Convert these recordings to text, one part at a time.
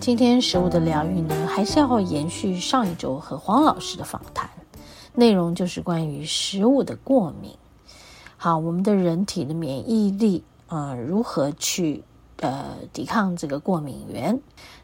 今天食物的療癒呢，還是要延續上一周和黃老師的訪談，內容就是關於食物的過敏。好，我們的人體的免疫力，呃，如何去呃抵抗這個過敏原？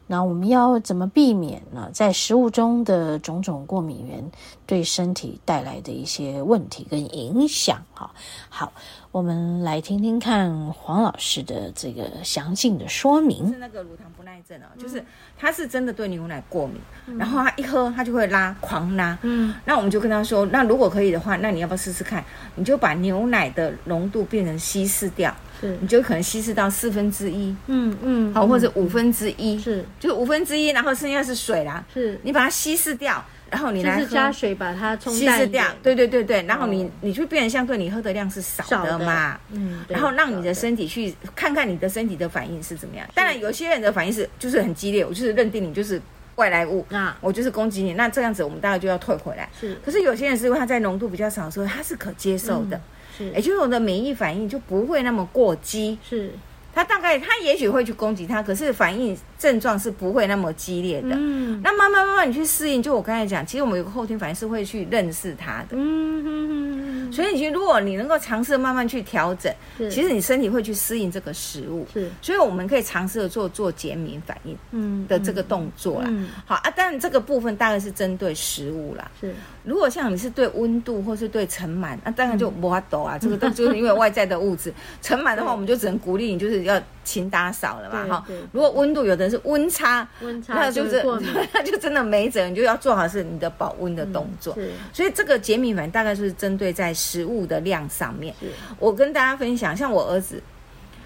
那我們要怎麼避免呢、啊？在食物中的種種過敏源對身體帶來的一些問題跟影響啊？好，我們來聽聽看黃老師的這個詳盡的說明。是那個乳糖不耐症啊，就是他是真的對牛奶過敏，嗯、然後他一喝他就會拉，狂拉。嗯，那我們就跟他說，那如果可以的話，那你要不要試試看？你就把牛奶的濃度變成稀釋掉。是，你就可能稀釋到四分之一，嗯嗯，好，或者五分之一，是，就五分之一，然後剩下是水啦，是，你把它稀釋掉，然後你來加水把它沖稀釋掉，對對對對，然後你你就變得相對你喝的量是少的嘛，嗯，然後讓你的身體去看看你的身體的反應是怎麼樣。當然，有些人的反應是就是很激烈，我就是認定你就是外來物，那我就是攻擊你，那這樣子我們大概就要退回來。是，可是有些人是因為他在濃度比較少的時候，他是可接受的。是，欸、就是我的免疫反應就不會那麼過激。是。他大概他也許會去攻擊他，可是反應症狀是不會那麼激烈的。嗯，那慢慢慢慢你去適應，就我剛才講，其實我們有個後天反應是會去認識他的。嗯哼哼哼。所以你覺得如果你能夠嘗試慢慢去調整，是其實你身體會去適應這個食物。是，所以我們可以嘗試做做減敏反應的這個動作啦。嗯嗯嗯，好啊，但這個部分大概是針對食物啦。是，如果像你是對溫度或是對塵蟎，那、啊、當然就沒辦法啊，嗯、這個都就是因為外在的物質。塵蟎 的話，我們就只能鼓勵你就是。要勤打掃了吧？哈，如果溫度有的是溫差，溫差就是、那就是那 就真的沒轍，你就要做好是你的保溫的動作。嗯、所以這個解米反應大概就是針對在食物的量上面。是我跟大家分享，像我兒子，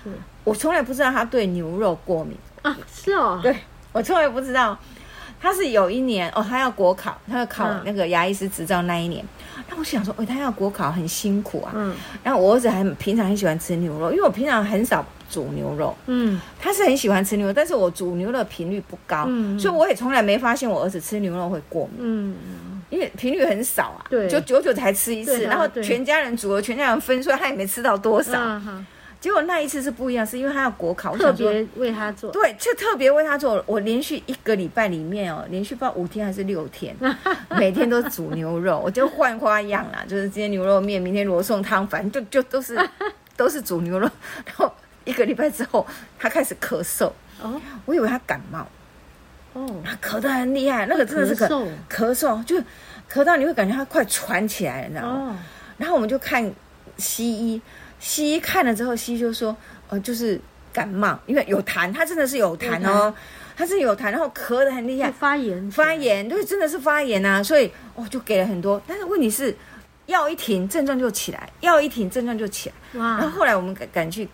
是我從來不知道他對牛肉過敏啊，是哦，對我從來不知道，他是有一年哦，他要國考，他要考那個牙醫師執照那一年，嗯、那我想說，喂、哎，他要國考很辛苦啊，嗯，然後我兒子還平常很喜歡吃牛肉，因為我平常很少。煮牛肉，嗯，他是很喜歡吃牛肉，但是我煮牛肉的頻率不高，嗯，所以我也從來沒發現我兒子吃牛肉會過敏，嗯，因為頻率很少啊，對，就久久才吃一次，然後，然後全家人煮了，全家人分，出來，他也沒吃到多少，嗯、結果那一次是不一樣，是因為他要國考，我想說特別為他做，對，就特別為他做，我連續一個禮拜裡面哦、喔，連續不知道五天還是六天，每天都煮牛肉， 我就換花樣啦，就是今天牛肉麵，明天羅宋湯，反正就就都是 都是煮牛肉，然後。一個禮拜之後，他開始咳嗽。哦，我以為他感冒。哦，他咳得很厲害。哦、那個真的是咳，咳嗽，咳嗽就咳到你會感覺他快喘起來了，你知道嗎？然後我們就看西醫，西醫看了之後，西醫就說：“哦、呃，就是感冒，因為有痰，他真的是有痰哦，對他是有痰，然後咳得很厲害，發炎，發炎，對，真的是發炎啊。”所以哦，就給了很多，但是問題是藥一停症狀就起來，藥一停症狀就起來。哇！然後後來我們趕趕去。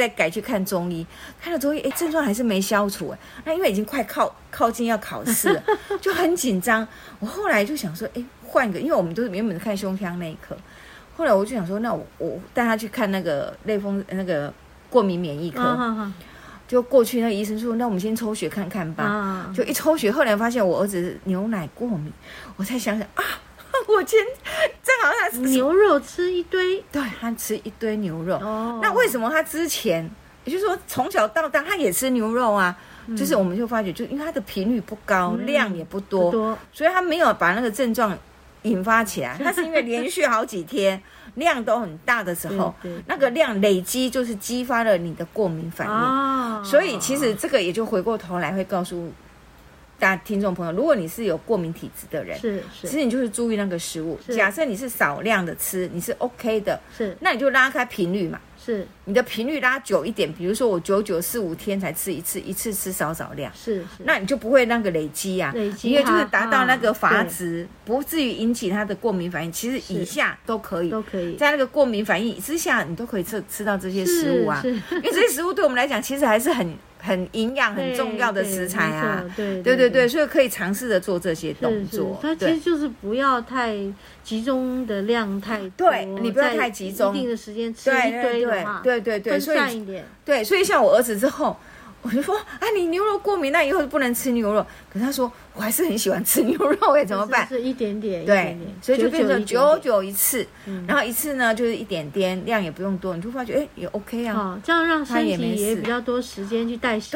再改去看中醫，看了中醫，誒，症狀還是沒消除，啊。誒。那因為已經快靠靠近要考試了，就很緊張。我後來就想說，誒，換一個，因為我們都是原本看胸腔那一科，後來我就想說，那我我帶他去看那個類風那個過敏免疫科。就、啊啊啊、過去那個醫生說，那我們先抽血看看吧。啊啊、就一抽血，後來發現我兒子牛奶過敏。我再想想啊，我今。好像牛肉吃一堆，對，他吃一堆牛肉。哦、那為什麼他之前，也就是說從小到大他也吃牛肉啊？嗯、就是我們就發覺，就因為他的頻率不高，嗯、量也不多，多多，所以他沒有把那個症狀引發起來。他是，是因為連續好幾天 量都很大的時候，對對對，那個量累積就是激發了你的過敏反應、哦、所以其實這個也就回過頭來會告訴大家聽眾朋友，如果你是有過敏體質的人，是、是，是其實你就是注意那個食物。是假設你是少量的吃，你是 OK 的，是，那你就拉開頻率嘛，是。你的頻率拉久一點，比如說我久久四五天才吃一次，一次吃少少量，是，是那你就不會那個累積啊，累積，因為就是達到那個閾值，啊、不至於引起它的過敏反應。其實以下都可以，都可以，在那個過敏反應之下，你都可以吃吃到這些食物啊，是、是因為這些食物對我們來講，其實還是很。很營養、很重要的食材啊，對對對對，所以可以嘗試着做這些動作。它其實就是不要太集中的量太多，對，你不要太集中，一定的時間吃一堆對。對對對，分散一點。對，對，所以像我兒子之後，我就說，啊你牛肉過敏，那以後就不能吃牛肉。可是他說。我還是很喜歡吃牛肉哎，怎麼辦？是一點點，對，所以就變成久久一次，然後一次呢就是一點點，量也不用多，你就發覺哎，也 OK 啊，這樣讓身體也比較多時間去代謝，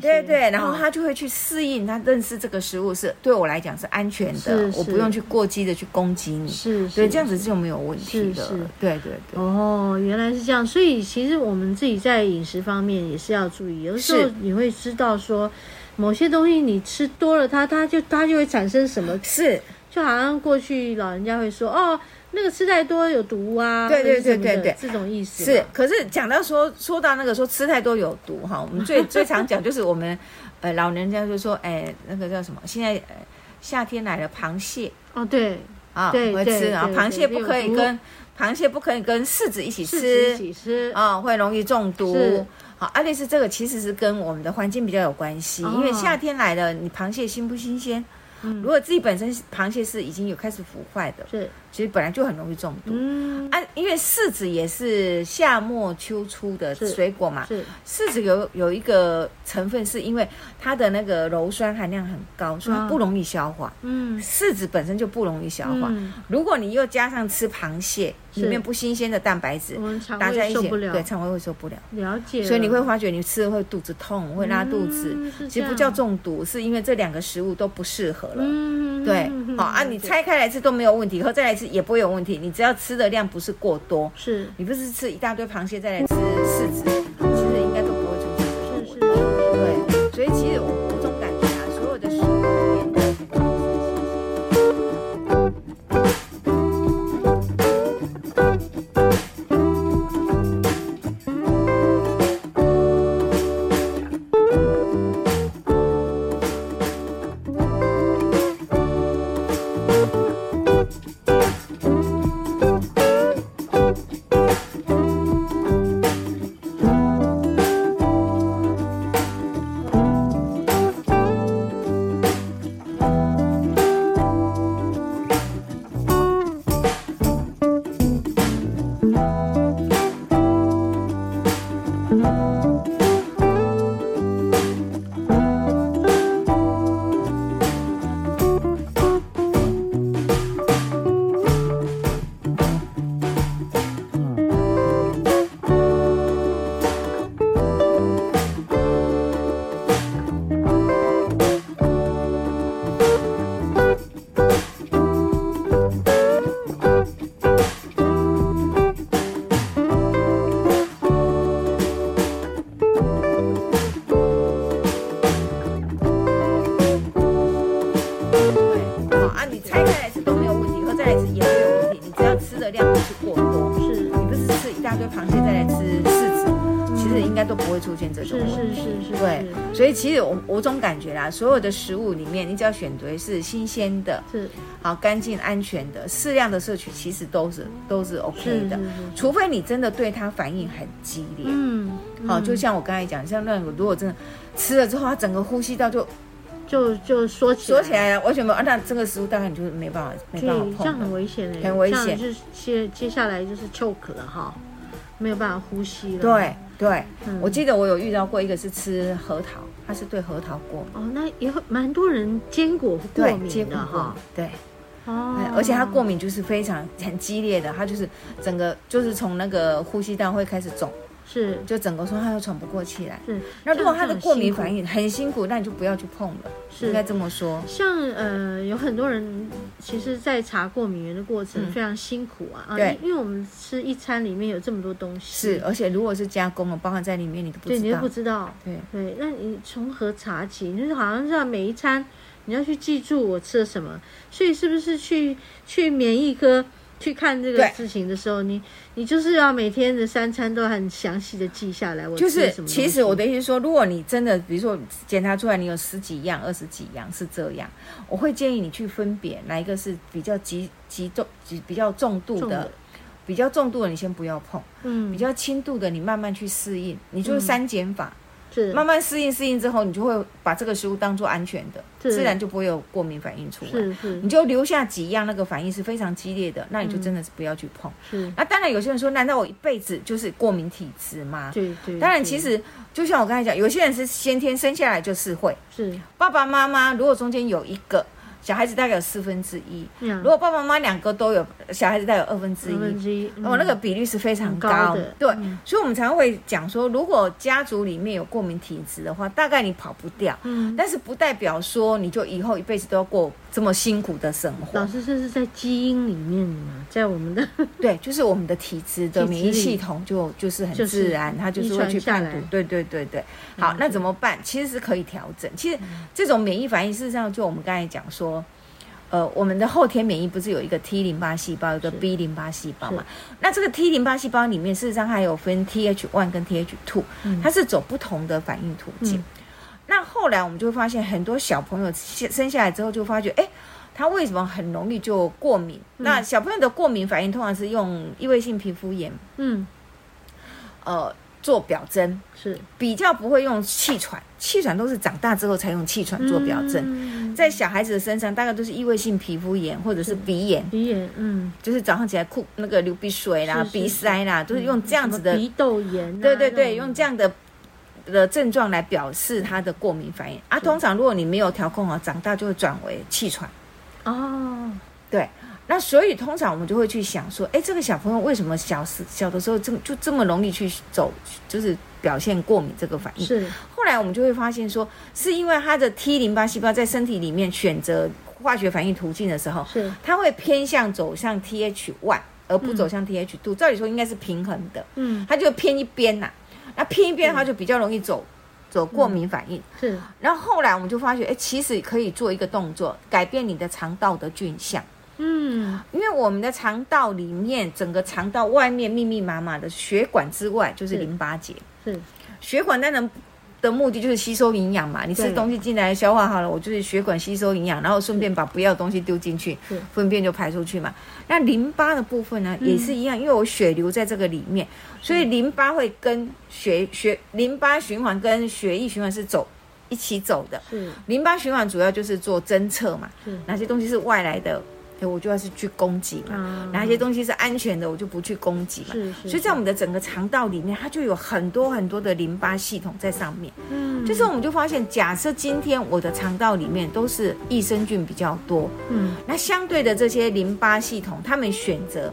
對對對，然後他就會去適應，他認識這個食物是對我來講是安全的，我不用去過激的去攻擊你，是，所以這樣子就沒有問題的，對對對。哦，原來是這樣，所以其實我們自己在飲食方面也是要注意，有的時候你會知道說某些東西你吃多了它。它就它就會產生什麼？是，就好像過去老人家會說，哦，那個吃太多有毒啊。對對對對對，這種意思。是。可是講到說說到那個說吃太多有毒哈，我們最最常講就是我們，呃，老人家就說，哎，那個叫什麼？現在夏天來了，螃蟹。哦，對。啊，對。會吃啊，螃蟹不可以跟螃蟹不可以跟柿子一起吃，一起吃啊，會容易中毒。好，啊、類似這個其實是跟我們的環境比較有關係，因為夏天來了，你螃蟹新不新鮮？嗯、如果自己本身螃蟹是已經有開始腐壞的，是，其實本來就很容易中毒。嗯，啊，因為柿子也是夏末秋初的水果嘛，是，是。柿子有有一個成分是因為它的那個鞣酸含量很高，所以它不容易消化。嗯，柿子本身就不容易消化，嗯、如果你又加上吃螃蟹。是，裡面不新鮮的蛋白質搭在一起，對腸胃會受不了。了解了。所以你會發覺你吃了會肚子痛，會拉肚子。嗯、其實不叫中毒，是因為這兩個食物都不適合了。嗯對，嗯好、嗯、啊，你拆開來吃都沒有問題，以後再來吃也不會有問題。你只要吃的量不是過多，是，你不是吃一大堆螃蟹再來吃柿子。種感覺啦，所有的食物裡面，你只要選擇是新鮮的、是好乾淨、安全的，適量的攝取，其實都是都是 OK 的，是是是，除非你真的對它反應很激烈。嗯，嗯好，就像我剛才講，像亂谷，如果真的吃了之後，它整個呼吸道就就就縮起來了，縮起來完全沒有，那這個食物當然你就沒辦法以沒辦法碰，這樣很危險的、欸。很危險。就接接下來就是 choke 哈，沒有辦法呼吸了。對對，對嗯、我記得我有遇到過，一個是吃核桃。他是對核桃過敏哦，那也會蠻多人堅果過敏的哈，對，堅果過敏哦，對哦，而且他過敏就是非常很激烈的，他就是整個就是從那個呼吸道會開始腫。是，就整個說他又喘不過氣來。是，那如果他的過敏反應很辛苦，辛苦那你就不要去碰了。是，應該這麼說。像，、嗯、像呃，有很多人其實，在查過敏原的過程非常辛苦啊。嗯、啊對，因為我們吃一餐裡面有這麼多東西。是，而且如果是加工啊，包含在裡面，你都不知道。對，你都不知道。對，對，那你從何查起？你就是好像要每一餐，你要去記住我吃了什麼。所以是不是去去免疫科？去看這個事情的時候，對你你就是要每天的三餐都很詳細的記下來。我就是，其實我的意思說，如果你真的，比如說檢查出來你有十幾樣、二十幾樣是這樣，我會建議你去分別哪一個是比較極極重、比較重度的，的比較重度的你先不要碰，嗯，比較輕度的你慢慢去適應，你就是三減法。嗯是慢慢適應適應之後，你就會把這個食物當做安全的，是自然就不會有過敏反應出來。是是，你就留下幾樣，那個反應是非常激烈的，那你就真的是不要去碰。嗯，是。那當然有些人說，難道我一輩子就是過敏體質嗎？對對，當然其實就像我剛才講，有些人是先天生下來就是會。是，爸爸媽媽如果中間有一個。小孩子大概有四分之一，嗯、如果爸爸媽媽兩個都有，小孩子大概有二分之一，分之一嗯、哦，那個比率，是非常高、高的，對，嗯、所以我們才會講說，如果家族裡面有過敏體質的話，大概你跑不掉，嗯，但是不代表說你就以後一輩子都要過這麼辛苦的生活。老師，這是在基因裡面嘛，在我們的，對，就是我們的體質的免疫系統就就是很自然，就它就是會去判斷，對對對對。嗯、好，那怎麼辦？其實是可以調整，其實這種免疫反應，事實上就我們剛才講說。呃，我們的後天免疫不是有一個 T 淋巴細胞，有一個 B 淋巴細胞嘛？那這個 T 淋巴細胞裡面，事實上還有分 TH one 跟 TH two，、嗯、它是走不同的反應途徑。嗯、那後來我們就會發現，很多小朋友生下來之後就發覺，哎，他為什麼很容易就過敏？嗯、那小朋友的過敏反應通常是用異位性皮膚炎。嗯，呃。做表徵是比較不會用氣喘，氣喘都是長大之後才用氣喘做表徵，嗯、在小孩子的身上大概都是異位性皮膚炎或者是鼻炎，鼻炎，嗯，就是早上起來哭那個流鼻水啦、是是鼻塞啦，都是用這樣子的、嗯、鼻竇炎、啊，對對對，這種用這樣的的症狀來表示他的過敏反應是啊。通常如果你沒有調控好，長大就會轉為氣喘。哦，對。那所以通常我們就會去想說，哎，這個小朋友為什麼小時小的時候這麼就這麼容易去走，就是表現過敏這個反應？是。後來我們就會發現說，是因為他的 T 淋巴細胞在身體裡面選擇化學反應途徑的時候，是，他會偏向走向 TH1 而不走向 TH2，、嗯、照理說應該是平衡的，嗯，他就偏一邊吶、啊，那偏一邊的話就比較容易走、嗯、走過敏反應。嗯、是。然後後來我們就發覺，哎，其實可以做一個動作，改變你的腸道的菌相。嗯，因為我們的腸道裡面，整個腸道外面密密麻麻的血管之外就是淋巴結，是，是血管它的目的就是吸收營養嘛，你吃東西進來，消化好了，對我就是血管吸收營養，然後順便把不要的東西丟進去，糞便是就排出去嘛。那淋巴的部分呢，也是一樣，嗯，因為我血流在這個裡面，所以淋巴會跟血血淋巴循環跟血液循環是走一起走的，是淋巴循環主要就是做偵測嘛，是哪些東西是外來的。我就要是去攻擊嘛，哪一些東西是安全的，我就不去攻擊嘛。所以在我們的整個腸道裡面，它就有很多很多的淋巴系統在上面。嗯。就是我們就發現，假設今天我的腸道裡面都是益生菌比較多，嗯，那相對的這些淋巴系統，他們選擇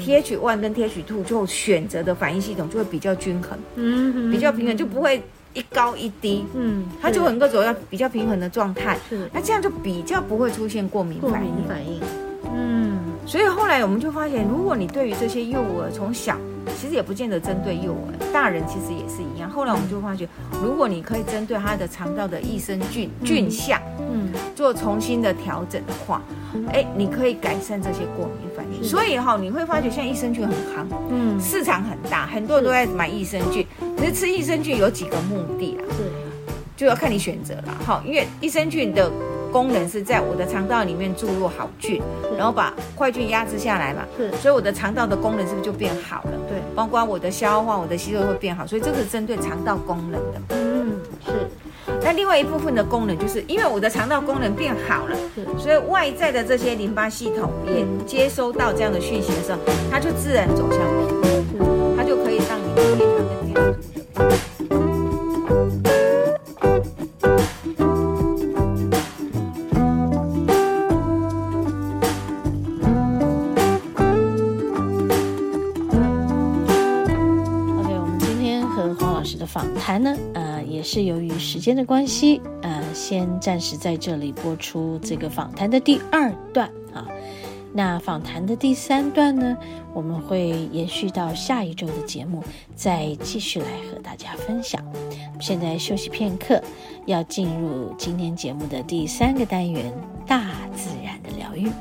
T H one 跟 T H two，就選擇的反應系統就會比較均衡，嗯，比較平衡，就不會一高一低，嗯，它就能夠走到比較平衡的狀態。是，那這樣就比較不會出現過敏反應。所以後來我們就發現，如果你對於這些幼兒從小，其實也不見得針對幼兒，大人其實也是一樣。後來我們就發覺，如果你可以針對他的腸道的益生菌、嗯、菌相嗯，做重新的調整的話，哎、嗯欸，你可以改善這些過敏反應。的所以哈、哦，你會發覺現在益生菌很夯，嗯，市場很大，很多人都在買益生菌。可是吃益生菌有幾個目的啦、啊，是的，就要看你選擇了。哈，因為益生菌的。功能是在我的腸道裡面注入好菌，是然後把壞菌壓制下來嘛？是所以我的腸道的功能是不是就變好了？對。對，包括我的消化、我的吸收會變好，所以這是針對腸道功能的。嗯，是。那另外一部分的功能，就是因為我的腸道功能變好了，是所以外在的這些淋巴系統也接收到這樣的訊息的時候，它就自然走向時間的關係，呃，先暫時在這裡播出這個訪談的第二段啊。那訪談的第三段呢，我們會延續到下一周的節目，再繼續來和大家分享。現在休息片刻，要進入今天節目的第三個單元——大自然的療癒。